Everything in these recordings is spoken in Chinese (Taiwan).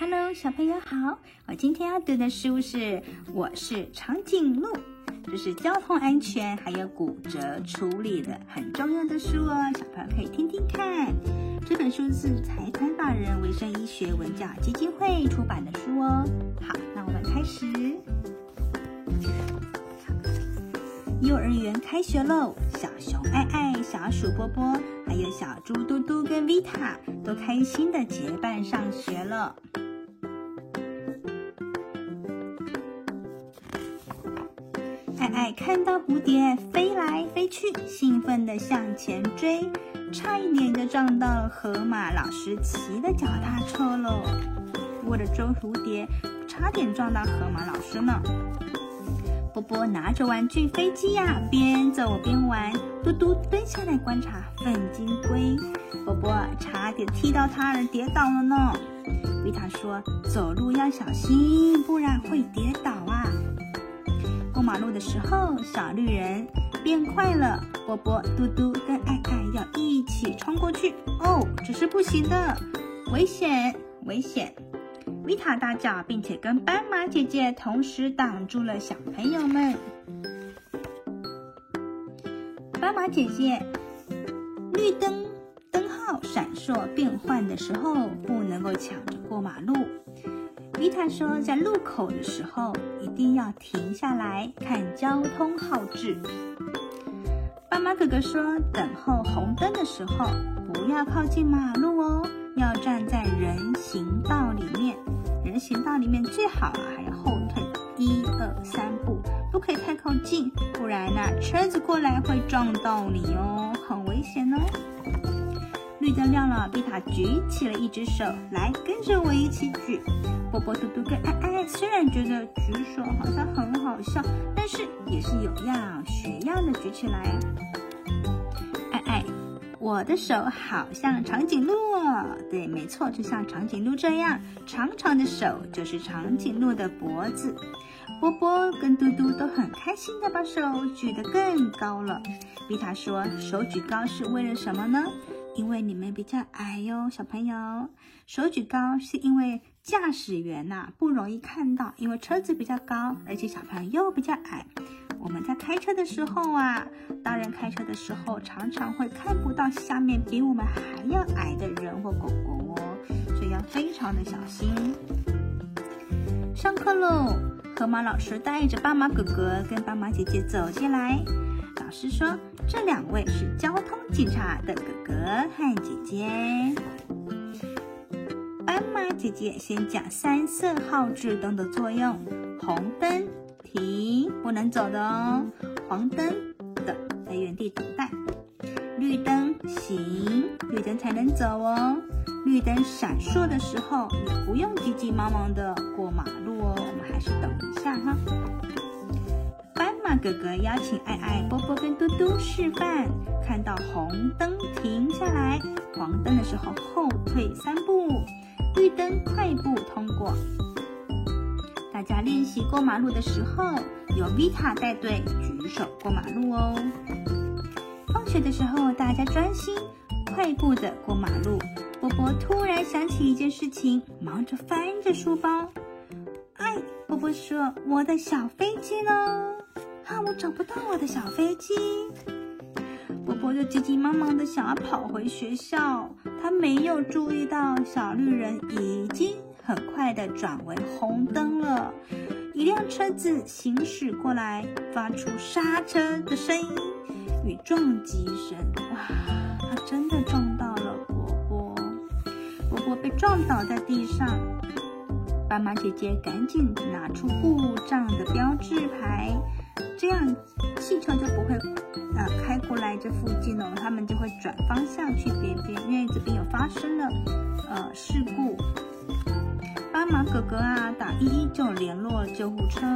Hello，小朋友好！我今天要讀的書是《我是長頸鹿》，這是交通安全還有骨折處理的很重要的書哦，小朋友可以聽聽看。這本書是財團法人惟生醫學文教基金會出版的書哦。好，那我們開始。幼兒園開學嘍，小熊愛愛、小鼠波波還有小豬嘟嘟跟維塔都開心的結伴上學了。哎，看到蝴蝶飛來飛去，興奮地向前追，差一點就撞到河馬老師騎的腳踏車嘍。為了追蝴蝶，差點撞到河馬老師呢。波波拿着玩具飛機呀、啊，邊走邊玩。嘟嘟蹲下來觀察糞金龜，波波差點踢到它而跌倒了呢。維塔說：“走路要小心，不然會跌倒。”馬路的時候，小綠人變快了，波波、嘟嘟跟愛愛要一起衝過去。哦，這是不行的，危險，危險！維塔大叫，並且跟斑馬姐姐同時擋住了小朋友們。斑馬姐姐，綠燈燈號閃爍變換的時候，不能夠搶着過馬路。維塔說，在路口的時候。一定要停下來看交通號誌。斑馬哥哥說，等候紅燈的時候不要靠近馬路哦，要站在人行道裡面。人行道裡面最好、啊、還要後退一二三步，不可以太靠近，不然呢、啊、車子過來會撞到你哦，很危險哦。燈亮了，比塔舉起了一隻手，來跟着我一起舉。波波、嘟嘟跟艾艾、哎哎、雖然覺得舉手好像很好笑，但是也是有樣學樣的舉起來。艾、哎、艾、哎、我的手好像長頸鹿哦。對，沒錯，就像長頸鹿這樣長長的手，就是長頸鹿的脖子。波波跟嘟嘟都很開心的把手舉得更高了。比塔說：“手舉高是為了什麼呢？”因為你們比較矮喲，小朋友手舉高是因為駕駛員吶、啊、不容易看到，因為車子比較高，而且小朋友又比較矮。我們在開車的時候啊，大人開車的時候常常會看不到下面比我們還要矮的人或狗狗哦，所以要非常的小心。上課嘍，河馬老師帶着斑馬哥哥跟斑馬姐姐走進來。老師說，這兩位是交通警察的哥哥和姐姐。斑馬姐姐先講三色號誌燈的作用：紅燈停，不能走的哦；黃燈等，在原地等待；綠燈行，綠燈才能走哦。綠燈閃爍的時候，你不用急急忙忙的過馬路哦，我們還是等一下哈。哥哥邀請愛愛、波波跟嘟嘟示範：看到紅燈停下來，黃燈的時候後退三步，綠燈快步通過。大家練習過馬路的時候，由 Vita 帶隊舉手過馬路哦。放學的時候，大家專心快步的過馬路。波波突然想起一件事情，忙着翻着書包。哎，波波說：“我的小飛機呢？”怕我找不到我的小飛機，波波就急急忙忙的想要跑回學校，他沒有注意到小綠人已經很快的轉為紅燈了。一輛車子行駛過來，發出剎車的聲音與撞擊聲。哇，他真的撞到了波波，波波被撞倒在地上。斑馬姐姐趕緊拿出故障的標誌牌。這樣，汽車就不會，啊、呃，開過來，這附近了，哦，他們就會轉方向去別邊，因為這邊有發生了，呃，事故。斑馬哥哥啊，打一一九聯絡救護車。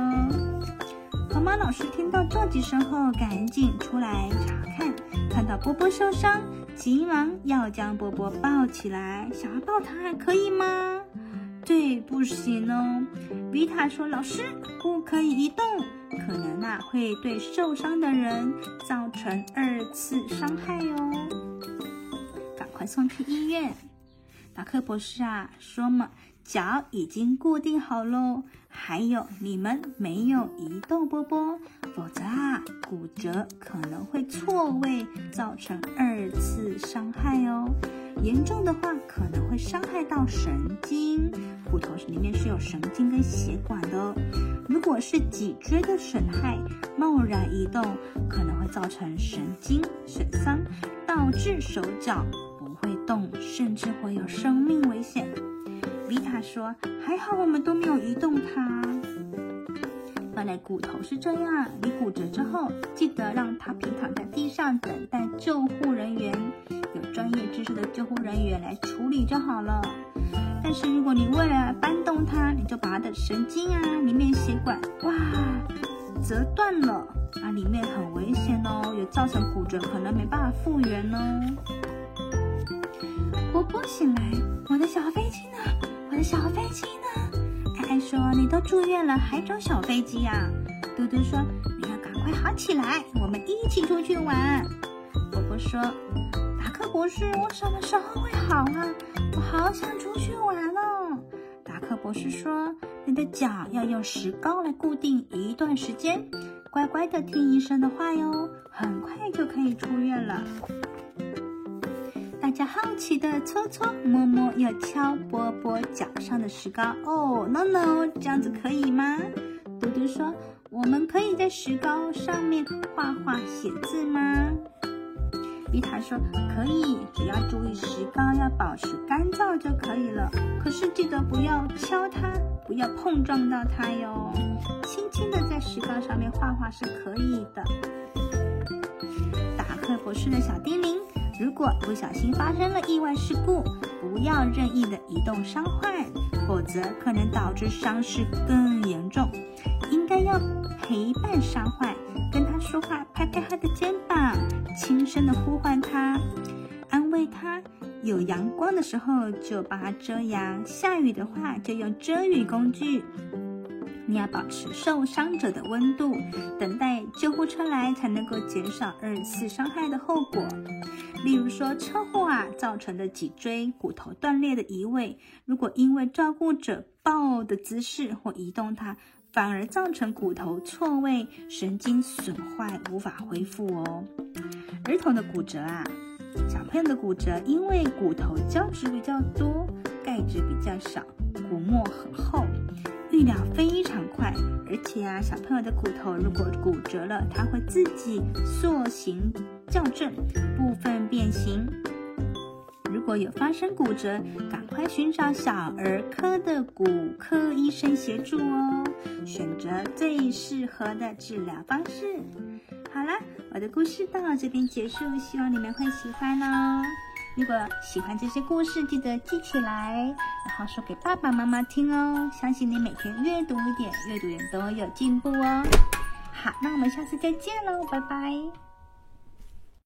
河馬老師聽到撞擊聲後，趕緊出來查看，看到波波受傷，急忙要將波波抱起來。想要抱他還可以嗎？對，不行嘍、哦。貝塔說：“老師不可以移動，可能吶、啊、會對受傷的人造成二次傷害喲、哦。趕快送去醫院。”達克博士啊說嘛：“腳已經固定好嘍，還有你們沒有移動波波，否則啊骨折可能會錯位，造成二次傷害哦。嚴重的話可能會傷害到神經。”裡面是有神經跟血管的哦。如果是脊椎的損害，貿然移動可能會造成神經損傷，導致手腳不會動，甚至會有生命危險。米塔說：“還好我們都沒有移動它。”本來骨頭是這樣，你骨折之後，記得讓它平躺在地上，等待救護人員，有專業知識的救護人員來處理就好了。但是如果你為了搬動它，你就把它的神經啊，裡面血管哇折斷了啊，裡面很危險哦，有造成骨折，可能沒辦法復原哦。波波醒來，我的小飛機呢？我的小飛機呢？說，你都住院了還找小飛機呀、啊。嘟嘟說，你要趕快好起來，我們一起出去玩。波波說，達克博士，我什麼時候會好啊？我好想出去玩哦。達克博士說，你的腳要用石膏來固定一段時間，乖乖的聽醫生的話喲，很快就可以出院了。大家好奇的搓搓摸摸，要敲波波腳上的石膏哦，oh，No No，這樣子可以嗎？嘟嘟說：“我們可以在石膏上面畫畫寫字嗎？”比塔說：“可以，只要注意石膏要保持乾燥就可以了。可是記得不要敲它，不要碰撞到它喲。輕輕的在石膏上面畫畫是可以的。”打開博士的小叮嚀。如果不小心發生了意外事故，不要任意地移動傷患，否則可能導致傷勢更嚴重。應該要陪伴傷患，跟他說話，拍拍他的肩膀，輕聲地呼喚他，安慰他。有陽光的時候就幫他遮陽，下雨的話就用遮雨工具。你要保持受傷者的溫度，等待救護車來才能夠減少二次傷害的後果。例如說車禍啊造成，的脊椎骨頭斷裂的移位，如果因為照顧者抱的姿勢或移動它，反而造成骨頭錯位、神經損壞，無法恢復哦。兒童的骨折啊，小朋友的骨折，因為骨頭膠質比較多，鈣質比較少，骨膜很厚。治療非常快，而且啊，小朋友的骨頭如果骨折了，他會自己塑形矯正部分變形。如果有發生骨折，趕快尋找小兒科的骨科醫生協助哦，選擇最適合的治療方式。好啦，我的故事到這邊結束，希望你們會喜歡哦。如果喜歡這些故事，記得記起來，然後說給爸爸媽媽聽哦。相信你每天閱讀一點，閱讀一點都有進步哦。好，那我們下次再見嘍，拜拜。